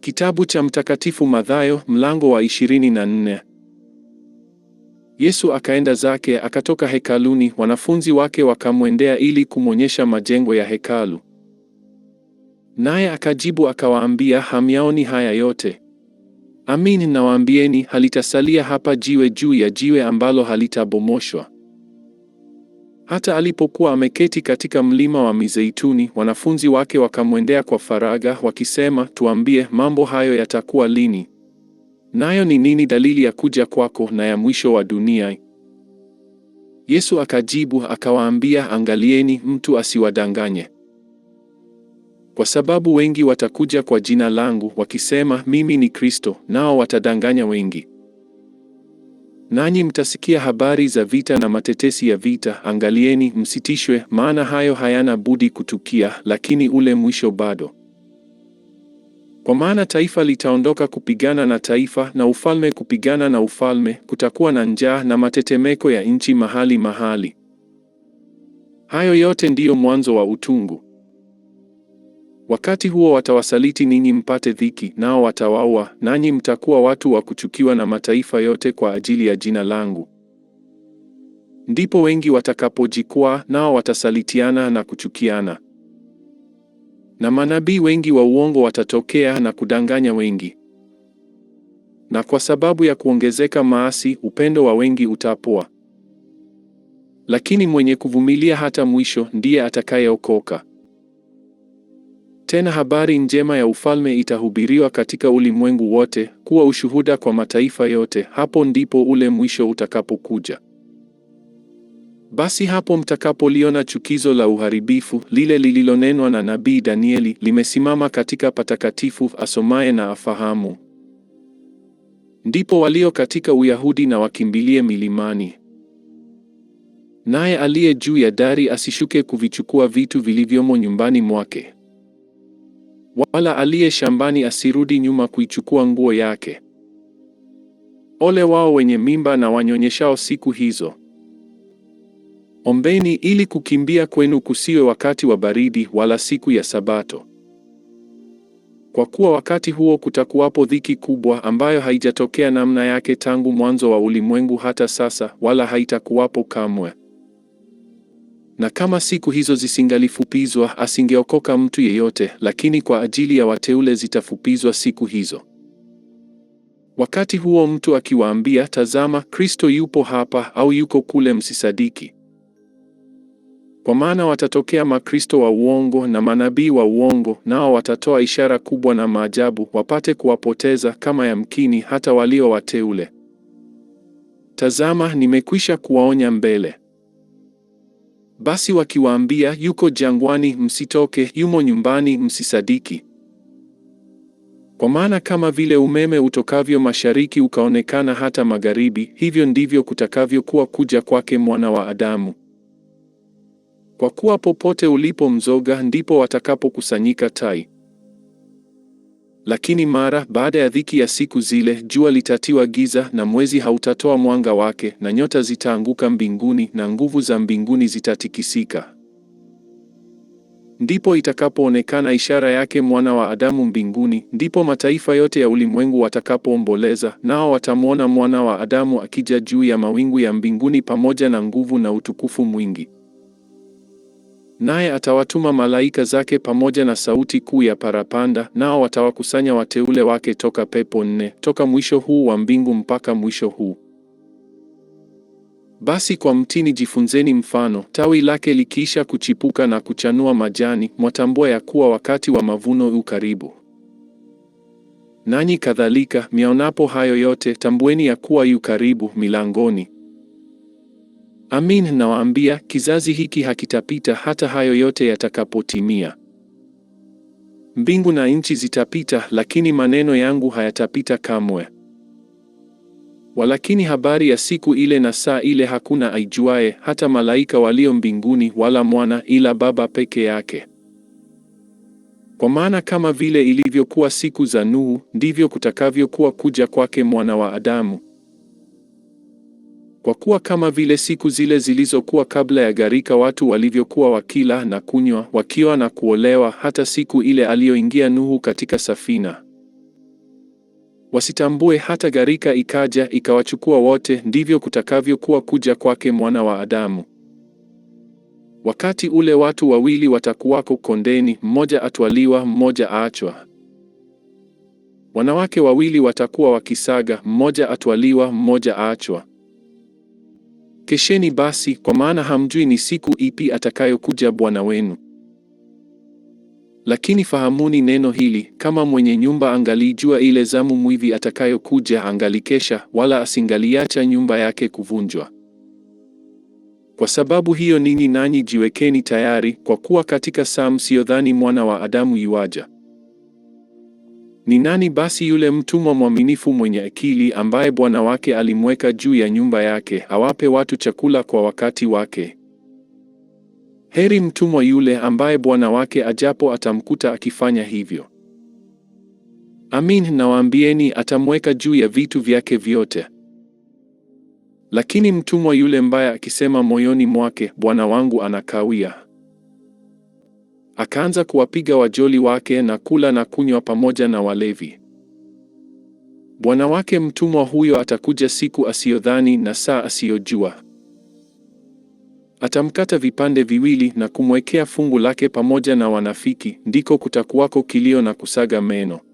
Kitabu cha Mtakatifu Mathayo mlango wa 24. Yesu akaenda zake akatoka hekaluni, wanafunzi wake wakamwendea ili kumwonyesha majengo ya hekalu. Naye akajibu akawaambia, hamyaoni haya yote? Amin nawaambieni, halitasalia hapa jiwe juu ya jiwe ambalo halitabomoshwa. Hata alipokuwa ameketi katika mlima wa Mizeituni, wanafunzi wake wakamwendea kwa faraga wakisema, tuambie, mambo hayo yatakuwa lini? Nayo ni nini dalili ya kuja kwako na ya mwisho wa dunia? Yesu akajibu akawaambia, angalieni mtu asiwadanganye, kwa sababu wengi watakuja kwa jina langu wakisema, mimi ni Kristo, nao watadanganya wengi. Nanyi mtasikia habari za vita na matetesi ya vita; angalieni, msitishwe, maana hayo hayana budi kutukia, lakini ule mwisho bado. Kwa maana taifa litaondoka kupigana na taifa, na ufalme kupigana na ufalme; kutakuwa na njaa na matetemeko ya nchi mahali mahali. Hayo yote ndiyo mwanzo wa utungu. Wakati huo watawasaliti ninyi mpate dhiki, nao watawaua, nanyi mtakuwa watu wa kuchukiwa na mataifa yote kwa ajili ya jina langu. Ndipo wengi watakapojikwaa, nao watasalitiana na kuchukiana, na manabii wengi wa uongo watatokea na kudanganya wengi. Na kwa sababu ya kuongezeka maasi, upendo wa wengi utapoa, lakini mwenye kuvumilia hata mwisho ndiye atakayeokoka. Tena habari njema ya ufalme itahubiriwa katika ulimwengu wote, kuwa ushuhuda kwa mataifa yote. Hapo ndipo ule mwisho utakapokuja. Basi hapo mtakapoliona chukizo la uharibifu lile lililonenwa na nabii Danieli limesimama katika patakatifu, asomaye na afahamu, ndipo walio katika Uyahudi na wakimbilie milimani, naye aliye juu ya dari asishuke kuvichukua vitu vilivyomo nyumbani mwake wala aliye shambani asirudi nyuma kuichukua nguo yake. Ole wao wenye mimba na wanyonyeshao siku hizo. Ombeni ili kukimbia kwenu kusiwe wakati wa baridi wala siku ya Sabato. Kwa kuwa wakati huo kutakuwapo dhiki kubwa ambayo haijatokea namna yake tangu mwanzo wa ulimwengu hata sasa, wala haitakuwapo kamwe na kama siku hizo zisingalifupizwa asingeokoka mtu yeyote, lakini kwa ajili ya wateule zitafupizwa siku hizo. Wakati huo mtu akiwaambia, tazama, Kristo yupo hapa au yuko kule, msisadiki. Kwa maana watatokea makristo wa uongo na manabii wa uongo, nao watatoa ishara kubwa na maajabu, wapate kuwapoteza kama yamkini hata walio wateule. Tazama, nimekwisha kuwaonya mbele. Basi wakiwaambia, yuko jangwani, msitoke; yumo nyumbani, msisadiki. Kwa maana kama vile umeme utokavyo mashariki ukaonekana hata magharibi, hivyo ndivyo kutakavyokuwa kuja kwake Mwana wa Adamu. Kwa kuwa popote ulipo mzoga, ndipo watakapokusanyika tai. Lakini mara baada ya dhiki ya siku zile, jua litatiwa giza na mwezi hautatoa mwanga wake, na nyota zitaanguka mbinguni, na nguvu za mbinguni zitatikisika. Ndipo itakapoonekana ishara yake mwana wa Adamu mbinguni, ndipo mataifa yote ya ulimwengu watakapoomboleza, nao watamwona mwana wa Adamu akija juu ya mawingu ya mbinguni pamoja na nguvu na utukufu mwingi. Naye atawatuma malaika zake pamoja na sauti kuu ya parapanda, nao watawakusanya wateule wake toka pepo nne, toka mwisho huu wa mbingu mpaka mwisho huu. Basi kwa mtini jifunzeni mfano, tawi lake likiisha kuchipuka na kuchanua majani, mwatambua ya kuwa wakati wa mavuno u karibu. Nanyi kadhalika, myaonapo hayo yote, tambueni ya kuwa yu karibu milangoni. Amin, nawaambia kizazi hiki hakitapita hata hayo yote yatakapotimia. Mbingu na nchi zitapita, lakini maneno yangu hayatapita kamwe. Walakini habari ya siku ile na saa ile hakuna aijuaye, hata malaika walio mbinguni, wala mwana, ila Baba peke yake. Kwa maana kama vile ilivyokuwa siku za Nuhu, ndivyo kutakavyokuwa kuja kwake Mwana wa Adamu. Kwa kuwa kama vile siku zile zilizokuwa kabla ya gharika watu walivyokuwa wakila na kunywa, wakiwa na kuolewa, hata siku ile aliyoingia Nuhu katika safina, wasitambue hata gharika ikaja ikawachukua wote, ndivyo kutakavyokuwa kuja kwake Mwana wa Adamu. Wakati ule watu wawili watakuwako kondeni, mmoja atwaliwa, mmoja aachwa. Wanawake wawili watakuwa wakisaga, mmoja atwaliwa, mmoja aachwa. Kesheni basi, kwa maana hamjui ni siku ipi atakayokuja Bwana wenu. Lakini fahamuni neno hili, kama mwenye nyumba angalijua ile zamu mwivi atakayokuja, angalikesha, wala asingaliacha nyumba yake kuvunjwa. Kwa sababu hiyo, ninyi nanyi jiwekeni tayari, kwa kuwa katika saa msiyodhani mwana wa Adamu iwaja. Ni nani basi yule mtumwa mwaminifu mwenye akili ambaye bwana wake alimweka juu ya nyumba yake awape watu chakula kwa wakati wake? Heri mtumwa yule ambaye bwana wake ajapo atamkuta akifanya hivyo. Amin, nawaambieni atamweka juu ya vitu vyake vyote. Lakini mtumwa yule mbaya akisema moyoni mwake, bwana wangu anakawia akaanza kuwapiga wajoli wake na kula na kunywa pamoja na walevi. Bwana wake mtumwa huyo atakuja siku asiyodhani na saa asiyojua. Atamkata vipande viwili na kumwekea fungu lake pamoja na wanafiki, ndiko kutakuwako kilio na kusaga meno.